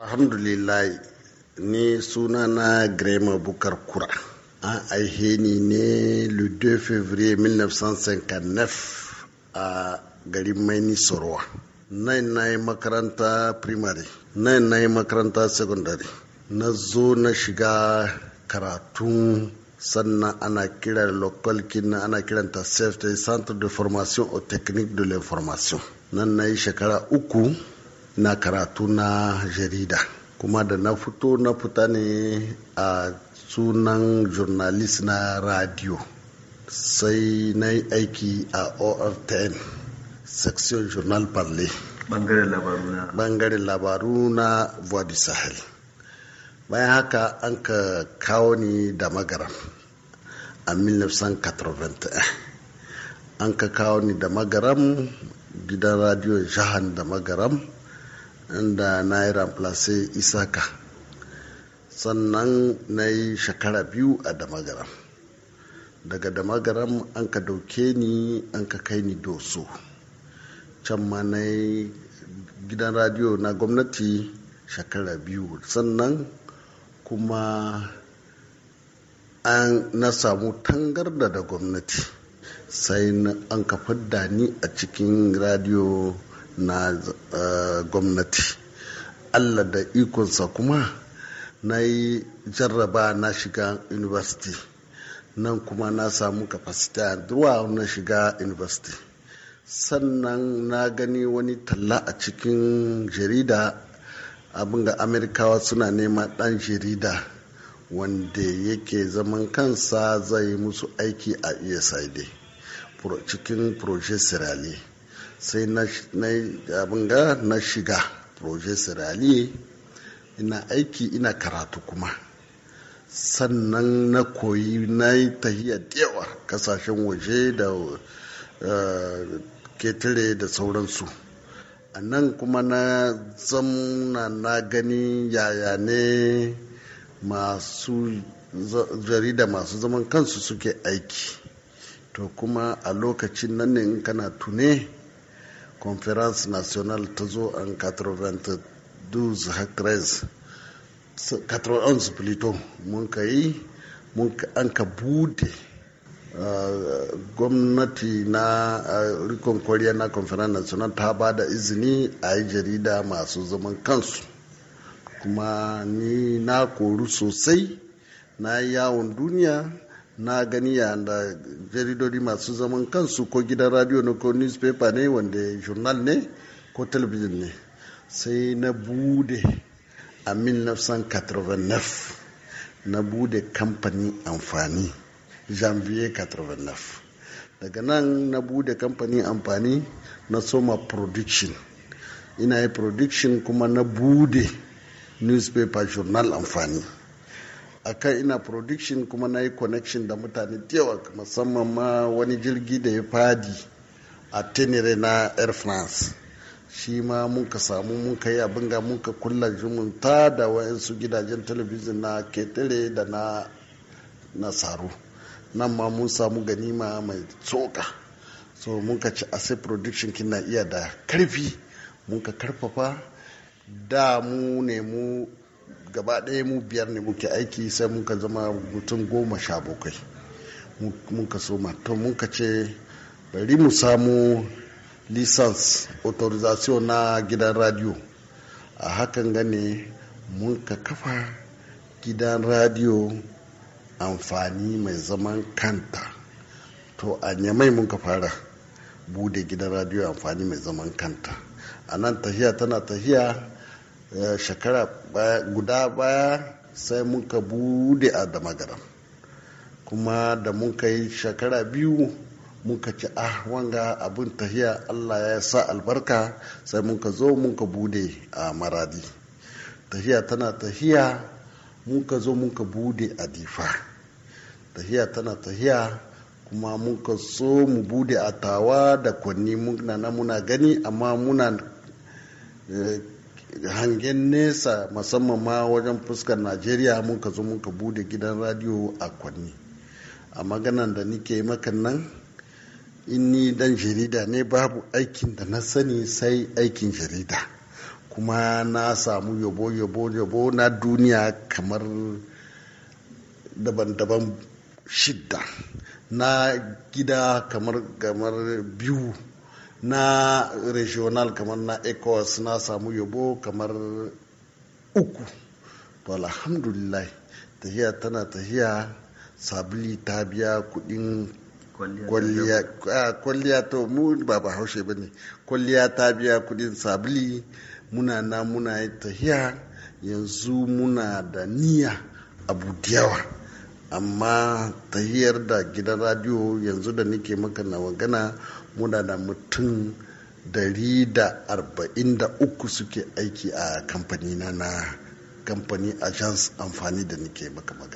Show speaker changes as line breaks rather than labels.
alhamdulillah ni suna na grema bukar kura an aihe ni ne le 2 février 1959 a garin maini sorowa nan na yi makaranta primary nan na yi makaranta secondary na zo na shiga karatun sannan ana kira local kinna ana kiranta safety centre de formation au technique de l'information nan na yi shekara uku na karatu na jarida kuma da na fito na fita ne a sunan journalist na radio sai na yi aiki a ortn section journal parle bangaren labaru na voix du sahel bayan haka an ka kawo ni da magaram a 1981 an ka kawo ni da magaram gidan radio jahan da magaram inda na yi ramplace isaka sannan na yi shekara biyu a damagaram daga damagaram an ka dauke ni an ka kai ni doso can ma na yi gidan radio na gwamnati shekara biyu sannan kuma an na samu tangarda da gwamnati sai an ka fadda ni a cikin radio. na eh, gwamnati allah da ikonsa kuma na yi jarraba na shiga university nan kuma na samu kapasita zuwa na shiga university sannan na gani wani talla a cikin jarida abin ga amerikawa suna nema dan jarida wanda yake zaman kansa zai musu aiki a usaid e cikin proje serali. sai na abin ga na shiga proje Ali ina aiki ina karatu kuma sannan na koyi na yi tahiya yawa kasashen waje da eh, ketare da sauransu a nan kuma na zamna na gani yaya ne masu jarida masu zaman kansu suke aiki to kuma a lokacin nan ne in kana tune conference nationale ta zo an 92 13 91 plutôt mun ka yi an ka bude gwamnati na rikon kwariya na conference national ta ba da izini a yi jarida masu zaman kansu kuma ni na koru sosai na yawon duniya na gani ya da jaridodi masu zaman kansu ko gidan radio ne ko newspaper ne wanda journal ne ko television ne sai na bude a 1989 na bude kamfanin amfani janvier 89 daga nan na bude kamfanin amfani na soma production ina yi production kuma na bude newspaper journal amfani akan ina production kuma na yi connection da mutane yawa musamman ma wani jirgi da ya fadi a tenere na air france shi ma mun ka samu mun ka yi abin ga mun ka kulla zumunta da wayansu gidajen talabijin na ketare da na nasaru nan ma mun samu ganima mai tsoka so mun ka ci ase production kin na iya da karfi mun ka karfafa da mu ne mu gaba ɗaya mu biyar ne muke aiki sai muka zama mutum goma sha bakwai muka soma to muka ce bari mu samu lisans authorization na gidan radio a hakan gane muka kafa gidan radio amfani mai zaman kanta to a nyamai muka fara bude gidan radio amfani mai zaman kanta a nan tahiya tana tahiya Eh, shekara guda baya sai muka bude a damagaram kuma da muka yi shekara biyu muka ci ah wanga abin tahiya allah ya sa albarka sai muka zo muka bude a maradi tahiya tana tahiya muka zo muka bude a difa tahiya tana tahiya kuma muka so mu bude a tawa da kwanni muna na muna gani amma muna eh, hangen nesa musamman ma wajen fuskar najeriya mun ka zo mun ka bude gidan radio a kwanni a maganan da nike maka nan in ni dan jarida ne babu aikin da na sani sai aikin jarida kuma na samu yabo yabo yabo na duniya kamar daban-daban shidda na gida kamar biyu na regional kamar na ecowas na samu yabo kamar uku to alhamdulillah tahiya tana tahiya sabili ta biya kudin kwalliya to mu ba ba haushe ba ne kwalliya ta biya kudin sabili muna na muna tahiya yanzu muna da niya abu diyawa. amma tahiyar da gidan radio yanzu da nake maka na magana muna da mutum 143 suke aiki a kamfani na kamfani a amfani da nake maka magana